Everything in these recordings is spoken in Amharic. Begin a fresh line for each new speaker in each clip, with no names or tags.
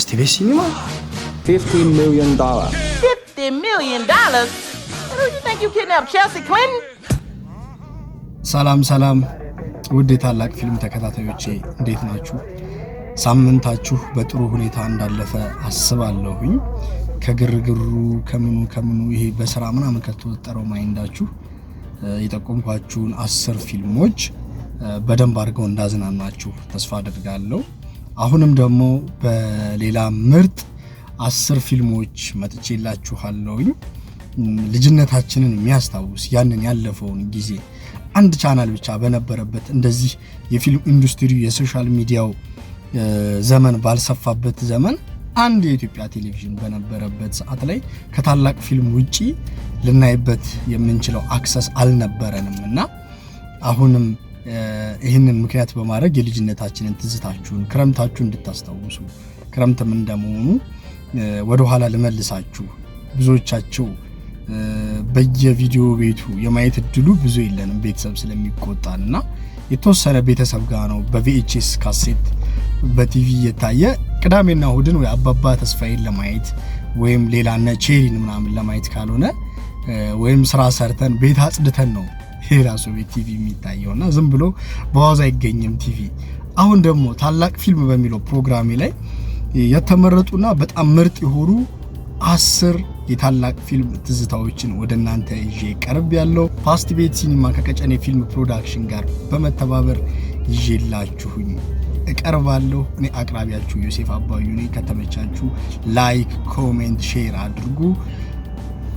Hast du Vecima?
$50 dollar.
$50 million? Who you think you kidnapped, Chelsea Clinton?
ሰላም ሰላም ውድ የታላቅ ፊልም ተከታታዮቼ እንዴት ናችሁ? ሳምንታችሁ በጥሩ ሁኔታ እንዳለፈ አስባለሁኝ። ከግርግሩ ከምኑ ከምኑ ይሄ በስራ ምናምን ከተወጠረው ማይንዳችሁ የጠቆምኳችሁን አስር ፊልሞች በደንብ አድርገው እንዳዝናናችሁ ተስፋ አድርጋለሁ። አሁንም ደግሞ በሌላ ምርጥ አስር ፊልሞች መጥቼላችኋለሁኝ። ልጅነታችንን የሚያስታውስ ያንን ያለፈውን ጊዜ አንድ ቻናል ብቻ በነበረበት እንደዚህ የፊልም ኢንዱስትሪ የሶሻል ሚዲያው ዘመን ባልሰፋበት ዘመን አንድ የኢትዮጵያ ቴሌቪዥን በነበረበት ሰዓት ላይ ከታላቅ ፊልም ውጪ ልናይበት የምንችለው አክሰስ አልነበረንም እና አሁንም ይህንን ምክንያት በማድረግ የልጅነታችንን ትዝታችሁን ክረምታችሁ እንድታስታውሱ ክረምትም እንደመሆኑ ወደኋላ ልመልሳችሁ። ብዙዎቻቸው በየቪዲዮ ቤቱ የማየት እድሉ ብዙ የለንም ቤተሰብ ስለሚቆጣን እና የተወሰነ ቤተሰብ ጋር ነው በቪኤችኤስ ካሴት በቲቪ እየታየ ቅዳሜና እሁድን ወይ አባባ ተስፋዬን ለማየት ወይም ሌላ እነ ቼሪን ምናምን ለማየት ካልሆነ ወይም ስራ ሰርተን ቤት አጽድተን ነው የራሱ ቤት ቲቪ የሚታየው እና ዝም ብሎ በዋዛ አይገኝም ቲቪ። አሁን ደግሞ ታላቅ ፊልም በሚለው ፕሮግራሜ ላይ የተመረጡና በጣም ምርጥ የሆኑ አስር የታላቅ ፊልም ትዝታዎችን ወደ እናንተ ይዤ ቀርብ ያለው ፋስት ቤት ሲኒማ ከቀጨኔ ፊልም ፕሮዳክሽን ጋር በመተባበር ይዤላችሁኝ እቀርባለሁ። እኔ አቅራቢያችሁ ዮሴፍ አባዩ ነኝ። ከተመቻችሁ ላይክ፣ ኮሜንት፣ ሼር አድርጉ።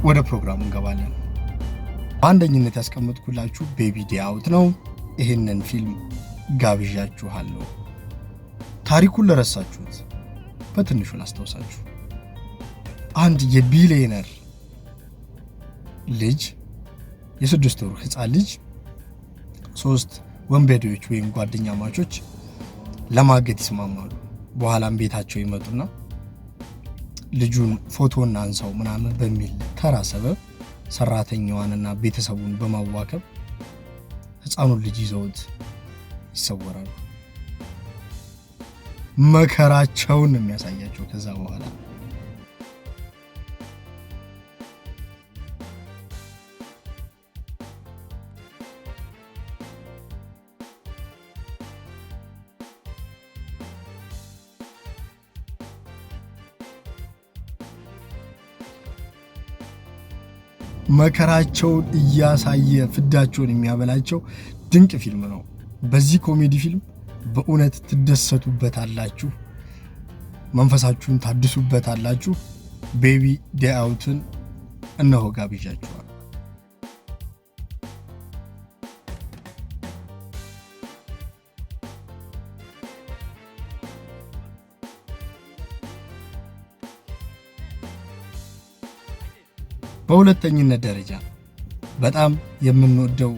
ወደ ፕሮግራሙ እንገባለን። በአንደኝነት ያስቀመጥኩላችሁ ቤቢ አውት ነው። ይህንን ፊልም ጋብዣችኋለሁ። ታሪኩን ለረሳችሁት በትንሹ ላስታውሳችሁ። አንድ የቢሊየነር ልጅ የስድስት ወር ህፃን ልጅ ሶስት ወንበዴዎች ወይም ጓደኛ ማቾች ለማገት ይስማማሉ። በኋላም ቤታቸው ይመጡና ልጁን ፎቶና እናንሳው ምናምን በሚል ተራ ሰበብ ሰራተኛዋንና ቤተሰቡን በማዋከብ ህፃኑን ልጅ ይዘውት ይሰወራሉ። መከራቸውን የሚያሳያቸው ከዛ በኋላ መከራቸውን እያሳየ ፍዳቸውን የሚያበላቸው ድንቅ ፊልም ነው። በዚህ ኮሜዲ ፊልም በእውነት ትደሰቱበታላችሁ፣ መንፈሳችሁን ታድሱበታላችሁ። ቤቢ ዴይ አውትን እነሆ ጋብዣችሁ። በሁለተኝነት ደረጃ በጣም የምንወደው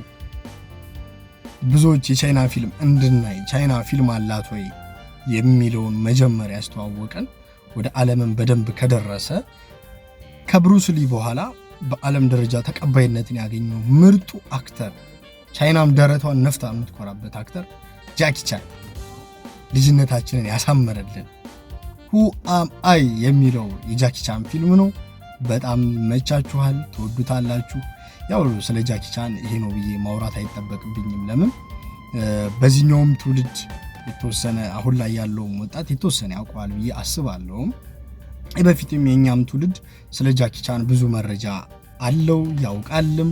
ብዙዎች የቻይና ፊልም እንድናይ ቻይና ፊልም አላት ወይ የሚለውን መጀመሪያ ያስተዋወቀን ወደ ዓለምን በደንብ ከደረሰ ከብሩስሊ በኋላ በዓለም ደረጃ ተቀባይነትን ያገኘው ምርጡ አክተር ቻይናም ደረቷን ነፍታ የምትኮራበት አክተር ጃኪ ቻን ልጅነታችንን ያሳመረልን ሁ አም አይ የሚለው የጃኪ ቻን ፊልም ነው። በጣም መቻችኋል፣ ትወዱታላችሁ። ያው ስለ ጃኪ ቻን ይሄ ነው ብዬ ማውራት አይጠበቅብኝም። ለምን በዚህኛውም ትውልድ የተወሰነ አሁን ላይ ያለውም ወጣት የተወሰነ ያውቀዋል ብዬ አስባለሁም። በፊትም የእኛም ትውልድ ስለ ጃኪ ቻን ብዙ መረጃ አለው ያውቃልም።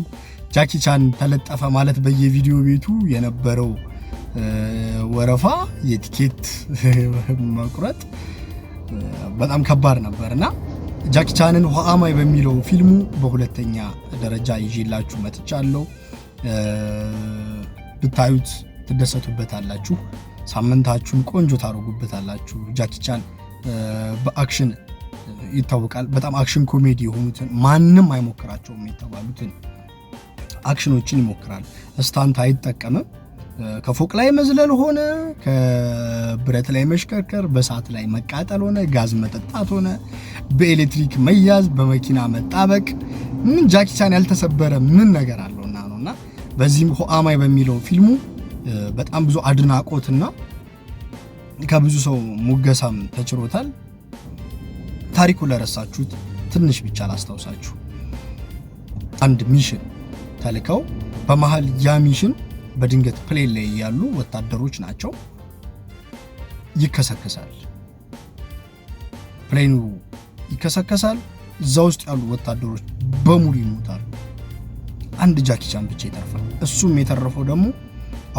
ጃኪ ቻን ተለጠፈ ማለት በየቪዲዮ ቤቱ የነበረው ወረፋ፣ የቲኬት መቁረጥ በጣም ከባድ ነበርና። እና ቻንን ውሃአማይ በሚለው ፊልሙ በሁለተኛ ደረጃ ይዤላችሁ መጥቻለሁ። ብታዩት ትደሰቱበታላችሁ። ሳምንታችሁን ቆንጆ ታደርጉበታላችሁ። ጃኪቻን በአክሽን ይታወቃል። በጣም አክሽን ኮሜዲ የሆኑትን ማንም አይሞክራቸውም የተባሉትን አክሽኖችን ይሞክራል። ስታንት አይጠቀምም። ከፎቅ ላይ መዝለል ሆነ ከብረት ላይ መሽከርከር፣ በእሳት ላይ መቃጠል ሆነ ጋዝ መጠጣት ሆነ በኤሌክትሪክ መያዝ፣ በመኪና መጣበቅ ምን ጃኪቻን ያልተሰበረ ምን ነገር አለውና ነው እና በዚህም ሆአማይ በሚለው ፊልሙ በጣም ብዙ አድናቆትና ከብዙ ሰው ሙገሳም ተችሮታል። ታሪኩ ለረሳችሁት ትንሽ ብቻ ላስታውሳችሁ። አንድ ሚሽን ተልከው በመሀል ያ ሚሽን በድንገት ፕሌን ላይ ያሉ ወታደሮች ናቸው። ይከሰከሳል። ፕሌኑ ይከሰከሳል። እዛ ውስጥ ያሉ ወታደሮች በሙሉ ይሞታሉ። አንድ ጃኪቻን ብቻ ይተርፋል። እሱም የተረፈው ደግሞ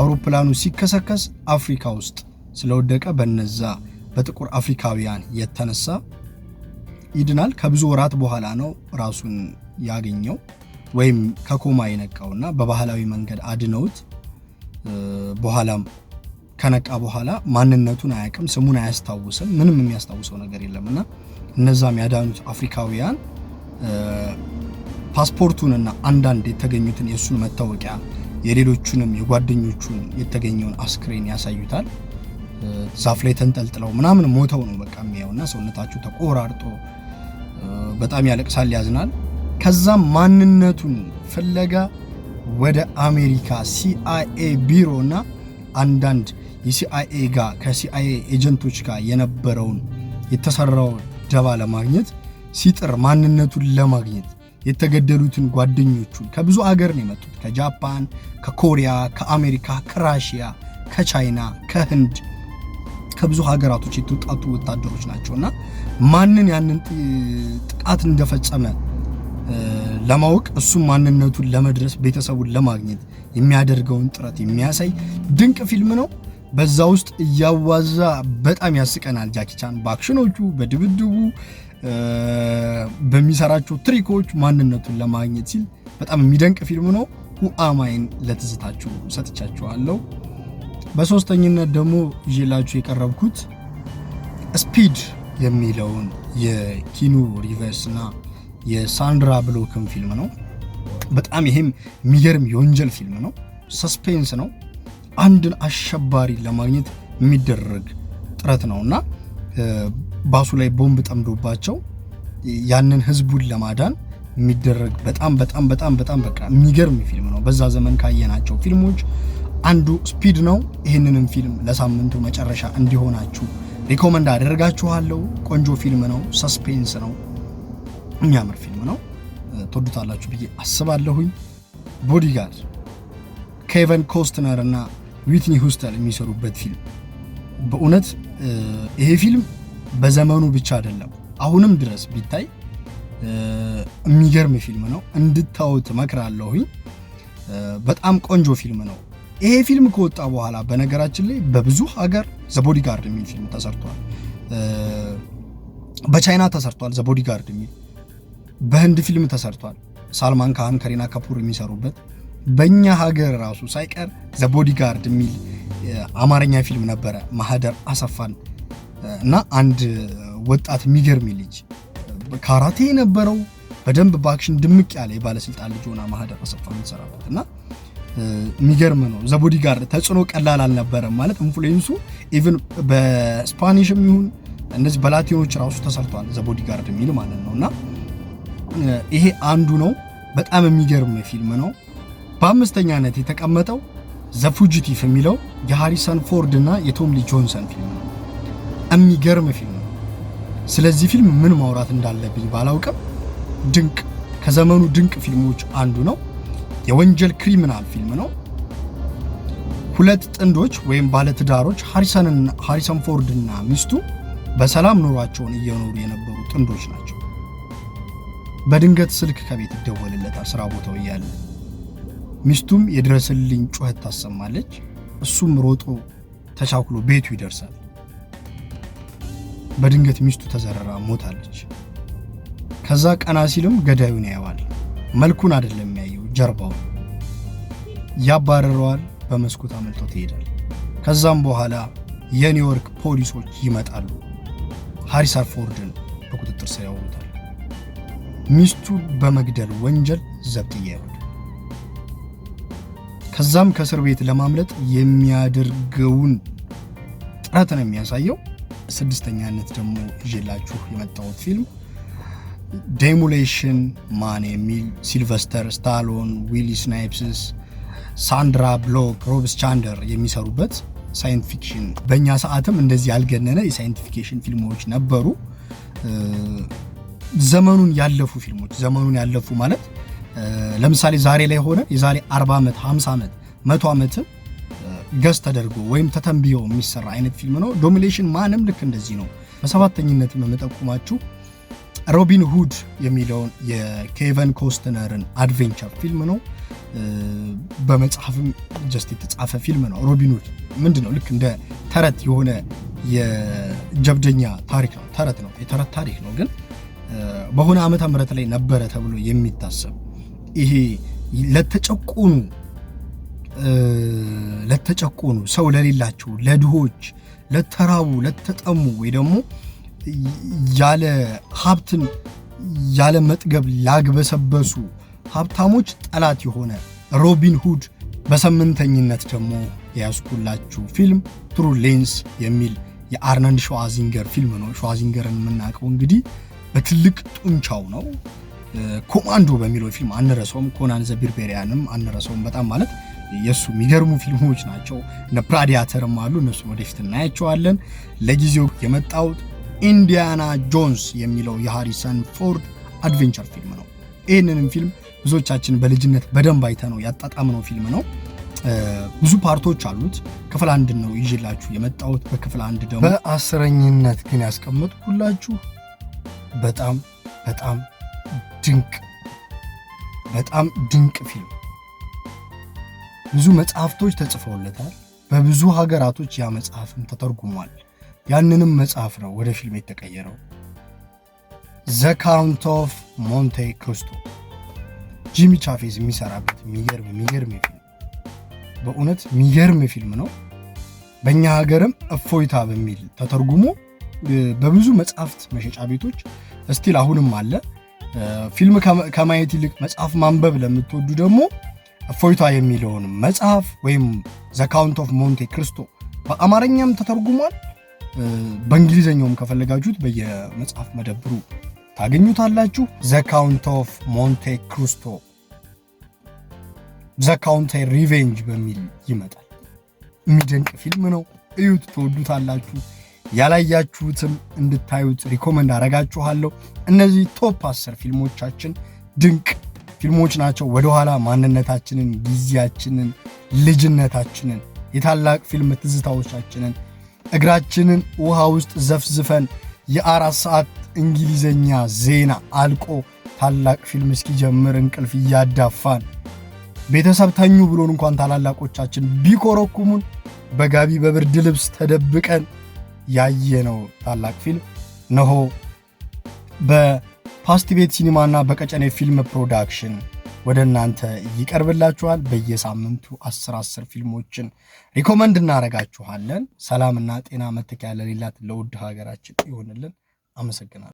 አውሮፕላኑ ሲከሰከስ አፍሪካ ውስጥ ስለወደቀ በነዛ በጥቁር አፍሪካውያን የተነሳ ይድናል። ከብዙ ወራት በኋላ ነው ራሱን ያገኘው ወይም ከኮማ የነቃውና በባህላዊ መንገድ አድነውት በኋላም ከነቃ በኋላ ማንነቱን አያውቅም፣ ስሙን አያስታውስም፣ ምንም የሚያስታውሰው ነገር የለም እና እነዛም ያዳኑት አፍሪካውያን ፓስፖርቱንና አንዳንድ የተገኙትን የእሱን መታወቂያ የሌሎቹንም የጓደኞቹን የተገኘውን አስክሬን ያሳዩታል። ዛፍ ላይ ተንጠልጥለው ምናምን ሞተው ነው በቃ የሚያውና ሰውነታቸው ተቆራርጦ በጣም ያለቅሳል፣ ያዝናል። ከዛም ማንነቱን ፍለጋ ወደ አሜሪካ ሲአይኤ ቢሮ እና አንዳንድ የሲአይኤ ጋር ከሲአይኤ ኤጀንቶች ጋር የነበረውን የተሰራው ደባ ለማግኘት ሲጥር ማንነቱን ለማግኘት የተገደሉትን ጓደኞቹን ከብዙ አገር ነው የመጡት። ከጃፓን፣ ከኮሪያ፣ ከአሜሪካ፣ ከራሽያ፣ ከቻይና፣ ከህንድ ከብዙ ሀገራቶች የተውጣጡ ወታደሮች ናቸውና ማንን ያንን ጥቃት እንደፈጸመ ለማወቅ እሱም ማንነቱን ለመድረስ ቤተሰቡን ለማግኘት የሚያደርገውን ጥረት የሚያሳይ ድንቅ ፊልም ነው። በዛ ውስጥ እያዋዛ በጣም ያስቀናል። ጃኪቻን በአክሽኖቹ፣ በድብድቡ፣ በሚሰራቸው ትሪኮች ማንነቱን ለማግኘት ሲል በጣም የሚደንቅ ፊልም ነው። ሁአማይን ለትዝታችሁ ሰጥቻችኋለሁ። በሶስተኝነት ደግሞ ይዤላችሁ የቀረብኩት ስፒድ የሚለውን የኪኑ ሪቨርስ እና የሳንድራ ብሎክም ፊልም ነው። በጣም ይሄም የሚገርም የወንጀል ፊልም ነው። ሰስፔንስ ነው። አንድን አሸባሪ ለማግኘት የሚደረግ ጥረት ነው እና ባሱ ላይ ቦምብ ጠምዶባቸው ያንን ህዝቡን ለማዳን የሚደረግ በጣም በጣም በጣም በጣም በቃ የሚገርም ፊልም ነው። በዛ ዘመን ካየናቸው ፊልሞች አንዱ ስፒድ ነው። ይህንንም ፊልም ለሳምንቱ መጨረሻ እንዲሆናችሁ ሪኮመንድ አደርጋችኋለሁ። ቆንጆ ፊልም ነው። ሰስፔንስ ነው። የሚያምር ፊልም ነው። ትወዱታላችሁ ብዬ አስባለሁኝ። ቦዲጋርድ ኬቨን ኮስትነር እና ዊትኒ ሁስተን የሚሰሩበት ፊልም በእውነት ይሄ ፊልም በዘመኑ ብቻ አይደለም አሁንም ድረስ ቢታይ የሚገርም ፊልም ነው። እንድታዩት እመክራለሁኝ። በጣም ቆንጆ ፊልም ነው። ይሄ ፊልም ከወጣ በኋላ በነገራችን ላይ በብዙ ሀገር ዘቦዲጋርድ የሚል ፊልም ተሰርቷል። በቻይና ተሰርቷል ዘቦዲጋርድ የሚል በህንድ ፊልም ተሰርቷል። ሳልማን ካህን ከሪና ከፑር የሚሰሩበት በእኛ ሀገር ራሱ ሳይቀር ዘ ቦዲጋርድ የሚል አማርኛ ፊልም ነበረ ማህደር አሰፋን እና አንድ ወጣት የሚገርም ልጅ ካራቴ የነበረው በደንብ በአክሽን ድምቅ ያለ የባለስልጣን ልጅ ሆና ማህደር አሰፋ የምትሰራበት እና የሚገርም ነው። ዘ ቦዲጋርድ ተጽዕኖ ቀላል አልነበረም ማለት ኢንፍሉዌንሱ ኢቨን በስፓኒሽም ይሁን እነዚህ በላቲኖች ራሱ ተሰርቷል ዘ ቦዲጋርድ የሚል ማለት ነው እና ይሄ አንዱ ነው። በጣም የሚገርም ፊልም ነው። በአምስተኛነት የተቀመጠው ዘ ፉጂቲቭ የሚለው የሃሪሰን ፎርድ እና የቶም ሊ ጆንሰን ፊልም ነው። የሚገርም ፊልም ነው። ስለዚህ ፊልም ምን ማውራት እንዳለብኝ ባላውቅም ድንቅ ከዘመኑ ድንቅ ፊልሞች አንዱ ነው። የወንጀል ክሪሚናል ፊልም ነው። ሁለት ጥንዶች ወይም ባለትዳሮች ሃሪሰን ፎርድ እና ሚስቱ በሰላም ኑሯቸውን እየኖሩ የነበሩ ጥንዶች ናቸው። በድንገት ስልክ ከቤት ይደወልለታል ስራ ቦታው እያለ። ሚስቱም የድረስልኝ ጩኸት ታሰማለች። እሱም ሮጦ ተቻኩሎ ቤቱ ይደርሳል። በድንገት ሚስቱ ተዘረራ ሞታለች። ከዛ ቀና ሲልም ገዳዩን ያየዋል። መልኩን አይደለም የሚያየው ጀርባው ያባረረዋል። በመስኮት አመልጦ ትሄዳል። ከዛም በኋላ የኒውዮርክ ፖሊሶች ይመጣሉ። ሃሪስ አርፎርድን በቁጥጥር ስር ያውሉታል። ሚስቱ በመግደል ወንጀል ዘብጥያ ይሆናል። ከዛም ከእስር ቤት ለማምለጥ የሚያደርገውን ጥረት ነው የሚያሳየው። ስድስተኛነት ደግሞ ይዤላችሁ የመጣሁት ፊልም ዴሞሌሽን ማን የሚል ሲልቨስተር ስታሎን፣ ዊሊ ስናይፕስስ፣ ሳንድራ ብሎክ፣ ሮብስ ቻንደር የሚሰሩበት ሳይንስ ፊክሽን። በእኛ ሰዓትም እንደዚህ ያልገነነ የሳይንቲፊኬሽን ፊልሞች ነበሩ። ዘመኑን ያለፉ ፊልሞች ዘመኑን ያለፉ ማለት ለምሳሌ ዛሬ ላይ ሆነ የዛሬ 40 ዓመት 50 ዓመት 100 ዓመት ገዝ ተደርጎ ወይም ተተንብዮ የሚሰራ አይነት ፊልም ነው። ዶሚኔሽን ማንም ልክ እንደዚህ ነው። በሰባተኝነት የምጠቁማችሁ ሮቢን ሁድ የሚለውን የኬቨን ኮስትነርን አድቬንቸር ፊልም ነው። በመጽሐፍም ጀስት የተጻፈ ፊልም ነው። ሮቢን ሁድ ምንድን ነው? ልክ እንደ ተረት የሆነ የጀብደኛ ታሪክ ነው። ተረት ነው፣ የተረት ታሪክ ነው ግን በሆነ ዓመተ ምህረት ላይ ነበረ ተብሎ የሚታሰብ ይሄ ለተጨቆኑ ለተጨቆኑ ሰው ለሌላቸው ለድሆች፣ ለተራቡ፣ ለተጠሙ ወይ ደግሞ ያለ ሀብትን ያለ መጥገብ ላግበሰበሱ ሀብታሞች ጠላት የሆነ ሮቢን ሁድ በሰምንተኝነት ደግሞ የያዝኩላችሁ ፊልም ትሩ ሌንስ የሚል የአርናልድ ሸዋዚንገር ፊልም ነው። ሸዋዚንገርን የምናውቀው እንግዲህ በትልቅ ጡንቻው ነው። ኮማንዶ በሚለው ፊልም አንረሰውም። ኮናን ዘቢርቤሪያንም አንረሰውም። በጣም ማለት የእሱ የሚገርሙ ፊልሞች ናቸው። እነ ፕራዲያተርም አሉ። እነሱን ወደፊት እናያቸዋለን። ለጊዜው የመጣውት ኢንዲያና ጆንስ የሚለው የሃሪሰን ፎርድ አድቬንቸር ፊልም ነው። ይህንንም ፊልም ብዙዎቻችን በልጅነት በደንብ አይተነው ያጣጣምነው ፊልም ነው። ብዙ ፓርቶች አሉት። ክፍል አንድ ነው ይዤላችሁ የመጣሁት። በክፍል አንድ ደግሞ በአስረኝነት ግን ያስቀመጥኩላችሁ በጣም በጣም ድንቅ በጣም ድንቅ ፊልም። ብዙ መጽሐፍቶች ተጽፈውለታል። በብዙ ሀገራቶች ያ መጽሐፍም ተተርጉሟል። ያንንም መጽሐፍ ነው ወደ ፊልም የተቀየረው። ዘ ካውንት ኦፍ ሞንቴ ክሪስቶ ጂሚ ቻፌዝ የሚሰራበት የሚገርም የሚገርም ፊልም በእውነት የሚገርም ፊልም ነው። በእኛ ሀገርም እፎይታ በሚል ተተርጉሞ በብዙ መጽሐፍት መሸጫ ቤቶች እስቲል አሁንም አለ። ፊልም ከማየት ይልቅ መጽሐፍ ማንበብ ለምትወዱ ደግሞ እፎይታ የሚለውን መጽሐፍ ወይም ዘ ካውንት ኦፍ ሞንቴ ክርስቶ በአማርኛም ተተርጉሟል። በእንግሊዝኛውም ከፈለጋችሁት በየመጽሐፍ መደብሩ ታገኙታላችሁ። ዘ ካውንት ኦፍ ሞንቴ ክርስቶ ዘ ሪቬንጅ በሚል ይመጣል። የሚደንቅ ፊልም ነው። እዩት፣ ትወዱታላችሁ። ያላያችሁትም እንድታዩት ሪኮመንድ አረጋችኋለሁ። እነዚህ ቶፕ አስር ፊልሞቻችን ድንቅ ፊልሞች ናቸው። ወደኋላ ማንነታችንን፣ ጊዜያችንን፣ ልጅነታችንን፣ የታላቅ ፊልም ትዝታዎቻችንን እግራችንን ውሃ ውስጥ ዘፍዝፈን የአራት ሰዓት እንግሊዘኛ ዜና አልቆ ታላቅ ፊልም እስኪጀምር እንቅልፍ እያዳፋን ቤተሰብ ተኙ ብሎን እንኳን ታላላቆቻችን ቢኮረኩሙን በጋቢ በብርድ ልብስ ተደብቀን ያየነው ታላቅ ፊልም ነሆ በፓስት ቤት ሲኒማና በቀጨኔ ፊልም ፕሮዳክሽን ወደ እናንተ ይቀርብላችኋል። በየሳምንቱ አስር አስር ፊልሞችን ሪኮመንድ እናደርጋችኋለን። ሰላምና ጤና መተኪያ ለሌላት ለውድ ሀገራችን ይሆንልን። አመሰግናለሁ።